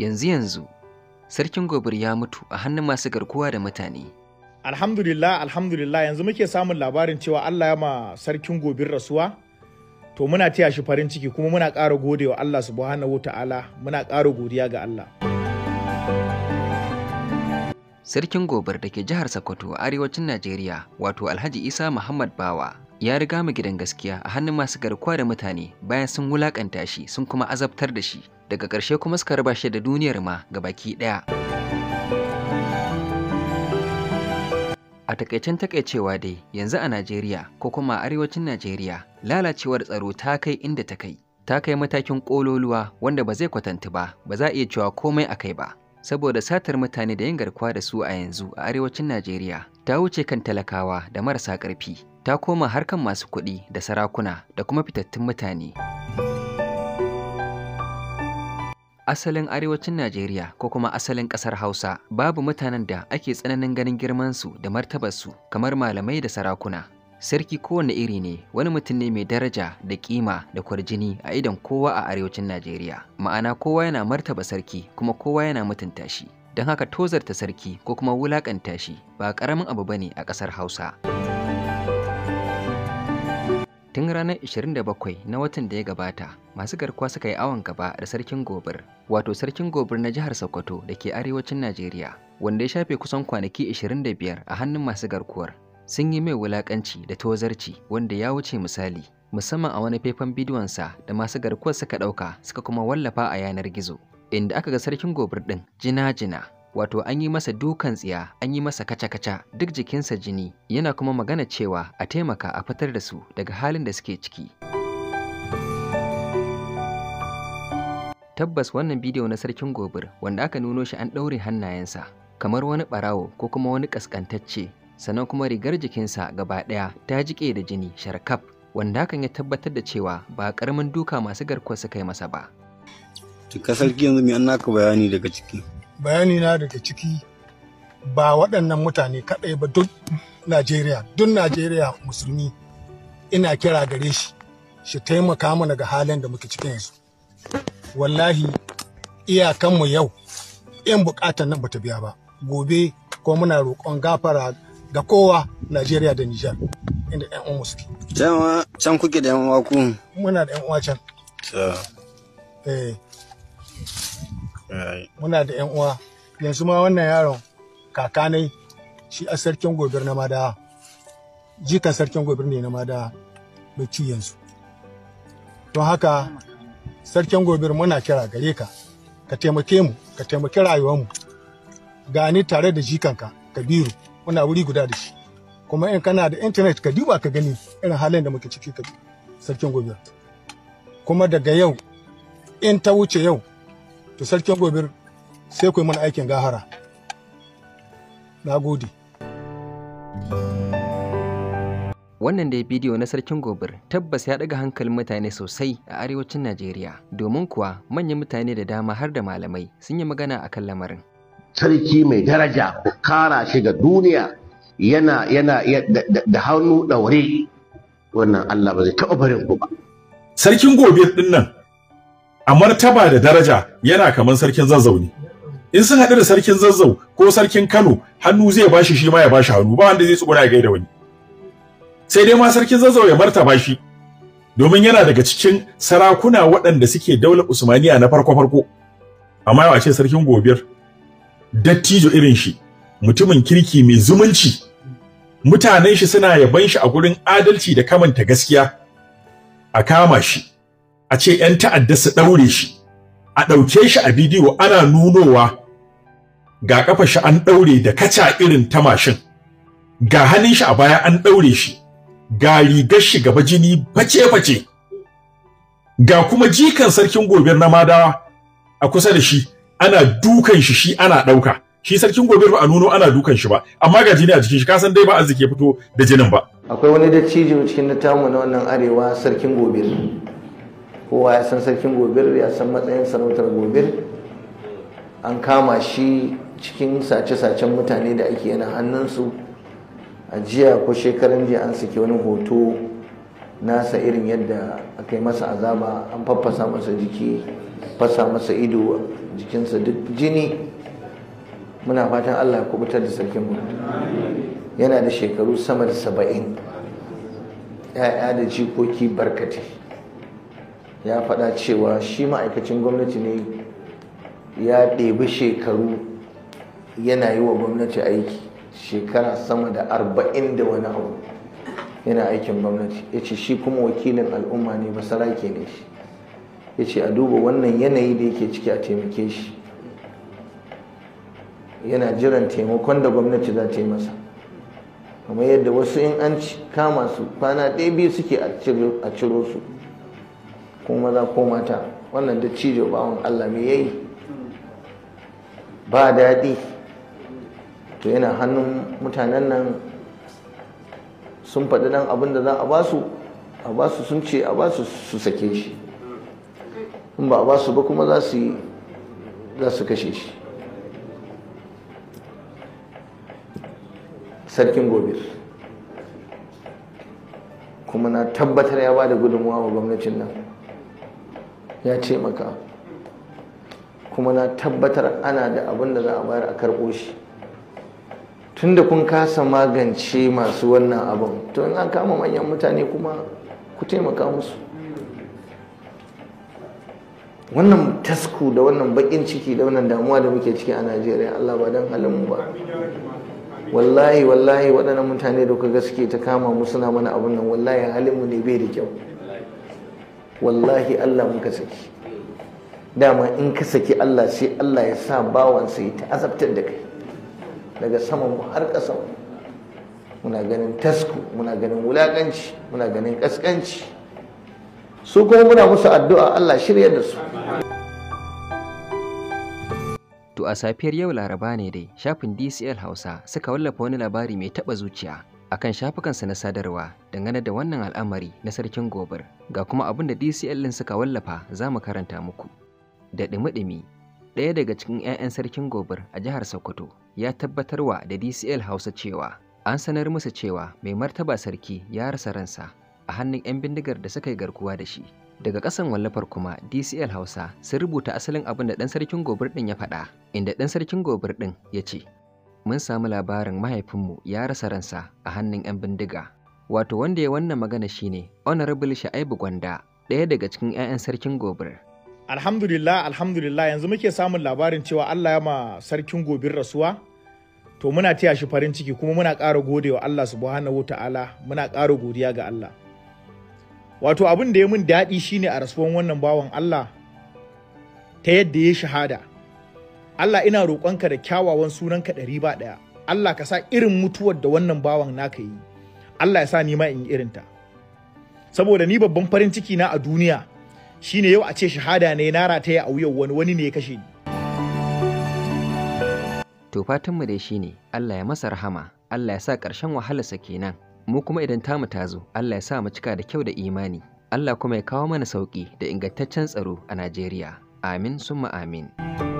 yanzu-yanzu sarkin gobir ya mutu a hannun masu garkuwa da mutane. Alhamdulillah, alhamdulillah yanzu muke samun labarin cewa Allah ya ma sarkin gobir rasuwa. To muna taya shi farin ciki kuma muna ƙara gode wa Allah subhanahu ta'ala muna ƙara godiya ga Allah. Sarkin gobir da ke jihar Sokoto a arewacin Najeriya wato Alhaji Isa Muhammad Bawa ya riga mu gidan gaskiya a hannun masu garkuwa da mutane bayan sun wulakanta shi sun kuma azabtar da shi daga ƙarshe kuma suka raba shi da duniyar ma ga baki ɗaya a takaicen takaicewa dai yanzu a najeriya ko kuma a arewacin najeriya lalacewar tsaro ta kai inda ta kai ta kai matakin ƙololuwa wanda ba zai kwatantu ba ba za a iya cewa komai a kai ba saboda satar mutane da yin garkuwa da su a yanzu a arewacin Najeriya ta wuce kan talakawa da marasa ƙarfi ta koma harkan masu kuɗi da sarakuna da kuma fitattun mutane. Asalin arewacin Najeriya ko kuma asalin ƙasar Hausa babu mutanen da ake tsananin ganin girmansu da martabarsu kamar malamai da sarakuna. Sarki kowane iri ne wani mutum ne mai daraja da ƙima, da kwarjini a idon kowa a arewacin Najeriya. Ma'ana kowa yana martaba sarki kuma kowa yana mutunta shi. Don haka tozarta sarki ko kuma wulakanta shi ba ƙaramin abu bane a ƙasar Hausa. tun ranar 27 na watan da ya gabata masu garkuwa suka yi awon gaba da sarkin gobir wato sarkin gobir na jihar sokoto da ke arewacin najeriya wanda ya shafe kusan kwanaki 25 a hannun masu garkuwar sun yi mai wulakanci da tozarci wanda ya wuce misali musamman a wani faifan bidiyonsa da masu garkuwar suka ɗauka suka kuma wallafa a yanar gizo inda aka ga sarkin gobir ɗin jina-jina wato an yi masa dukan tsiya an yi masa kaca-kaca duk jikinsa jini yana kuma magana cewa a taimaka a fitar da su daga halin da suke ciki tabbas wannan bidiyo na sarkin gobir wanda aka nuno shi an ɗaure hannayensa kamar wani ɓarawo ko kuma wani ƙasƙantacce sannan kuma rigar jikinsa gaba ɗaya ta jiƙe da jini sharkaf wanda hakan ya tabbatar da cewa ba ƙaramin duka masu garkuwar suka yi masa ba. sarki yanzu mai an naka bayani daga ciki. bayani na daga ciki ba waɗannan mutane kaɗai ba duk najeriya duk najeriya musulmi ina kira gare shi shi taimaka mana ga halin da muke cikin yanzu wallahi iyakanmu yau in buƙatar nan bata biya ba gobe ko muna roƙon gafara ga kowa najeriya da nijar inda yan uwa suke can kuke da yan uwa muna da yan uwa can Eh. muna da 'yan uwa yanzu ma wannan yaron kakanai shi a sarkin gobir na madawa jikan sarkin gobir ne na madawa mai ci yanzu don haka sarkin gobir muna kira gare ka ka taimake mu ka taimake rayuwa mu gani tare da jikanka kabiru muna wuri guda da shi kuma in kana da intanet ka duba ka gani irin halin da muke ciki ka sarkin gobir kuma daga yau in ta wuce yau to sarkin gobir sai ku mana aikin gahara na gode wannan dai bidiyo na sarkin gobir tabbas ya daga hankalin mutane sosai a arewacin najeriya domin kuwa manyan mutane da dama har da malamai sun yi magana a kan lamarin sarki mai daraja ku kara shi ga duniya yana yana da hannu daure wannan allah ba zai taɓa barin ku ba sarkin gobir din nan a martaba da daraja yana kamar sarkin zazzau ne in sun haɗu da sarkin zazzau ko sarkin kano hannu zai bashi shi ma ya shi hannu ba wanda zai tsugura ya gaida wani sai dai ma sarkin zazzau ya martaba shi domin yana daga cikin sarakuna waɗanda suke daular usmaniya na farko farko amma yawa ce sarkin gobiyar dattijo irin shi mutumin kirki mai zumunci mutanen shi suna yaban shi a gurin adalci da kamanta gaskiya a kama shi a ce 'yan ta'adda su ɗaure shi a ɗauke shi a bidiyo ana nunowa ga ƙafa shi an ɗaure da kaca irin ta mashin ga hannun shi a baya an ɗaure shi ga rigar shi gaba jini face-face ga kuma jikan sarkin gobe na madawa a kusa da shi ana dukan shi shi ana ɗauka shi sarkin gobe ba a nuno ana dukan shi ba amma ga jini a jikin shi kasan dai ba arziki fito da jinin ba akwai wani dattijo cikin littafin na wannan arewa sarkin gobe kowa ya san sarkin gobir ya san matsayin sarautar gobir an kama shi cikin sace-sacen mutane da ake yana hannunsu a jiya ko shekaran jiya an saki wani hoto nasa irin yadda aka yi masa azaba an faffasa masa jiki fasa masa ido jikinsa duk jini muna fatan allah ya kubutar da sarkin mu yana da shekaru sama da saba'in 'ya'ya da jikoki barkati ya faɗa cewa shi ma'aikacin gwamnati ne ya ɗebi shekaru yana yi wa gwamnati aiki shekara sama da arba'in da wani abu yana aikin gwamnati ya ce shi kuma wakilin al'umma ne ba ne shi ya ce a duba wannan yanayi da yake ciki a taimake shi yana jiran taimakon da gwamnati za ta yi masa kamar yadda wasu in an kama su kwana ɗaya biyu suke a ciro su ko maza ko mata wannan duk cijo bawon Allah me yayi ba daɗi to yana hannun mutanen nan sun faɗi dan abin da za a basu a basu sun ce a basu su sake shi in ba a basu ba kuma za su za su kashe shi sarkin gobe kuma na tabbatar ya ba da gudunmuwa wa gwamnatin nan ya ce maka kuma na tabbatar ana da abin da za a bayar a karɓo shi tunda kun kasa magance masu wannan abin to an kama manyan mutane kuma ku taimaka musu wannan tasku da wannan baƙin ciki da wannan damuwa da muke ciki a najeriya allah ba don halin ba wallahi wallahi waɗannan mutane da kuka gaske ta kama mu suna mana abin nan wallahi halinmu ne bai da kyau wallahi Allah mun ka saki dama in ka saki Allah sai Allah ya sa bawansa ya ta azabtar da kai daga saman mu har ƙasa muna ganin tasku muna ganin wulaƙanci muna ganin ƙasƙanci su kuma muna musu addu'a Allah shirya da su To a safiyar yau Laraba ne dai shafin DCL Hausa suka wallafa wani labari mai taɓa zuciya akan shafukansa na sadarwa dangane da wannan al'amari na sarkin gobir ga kuma abin da DCL ɗin suka wallafa za mu karanta muku. Da ɗimi-ɗimi, ɗaya daga cikin 'ya'yan sarkin gobir a jihar Sokoto ya tabbatarwa da DCL Hausa cewa an sanar musu cewa mai martaba sarki ya rasa ransa a hannun 'yan bindigar da suka yi garkuwa da shi. Daga ƙasan wallafar kuma DCL Hausa sun rubuta asalin abin da ɗan sarkin gobir ɗin ya faɗa, inda ɗan sarkin gobir ɗin ya ce, mun samu labarin mahaifinmu ya rasa ransa a hannun 'yan bindiga. Wato wanda ya wannan magana shi shine Honorable Sha'ibu Gwanda, ɗaya daga cikin 'ya'yan sarkin gobir. Alhamdulillah, alhamdulillah yanzu muke samun labarin cewa Allah ya ma sarkin gobir rasuwa. To muna taya shi farin ciki kuma muna ƙara gode wa Allah subhanahu ta'ala muna ƙara godiya ga Allah. Wato abin da ya mun daɗi shine a rasuwan wannan bawan Allah ta yadda ya shahada. Allah ina roƙonka da kyawawan sunanka ɗari ba ɗaya Allah ka sa irin mutuwar da wannan bawan naka yi Allah ya sa ni ma in irinta saboda ni babban farin ciki na a duniya shi ne yau a ce shahada ne na rataye a wuyan wani wani ne ya kashe ni to fatanmu dai ne, Allah ya masa rahama Allah ya sa ƙarshen wahalarsa kenan mu kuma idan tamu ta zo Allah ya sa mu cika da kyau da imani Allah kuma ya kawo mana sauƙi da ingantaccen tsaro a Najeriya amin summa amin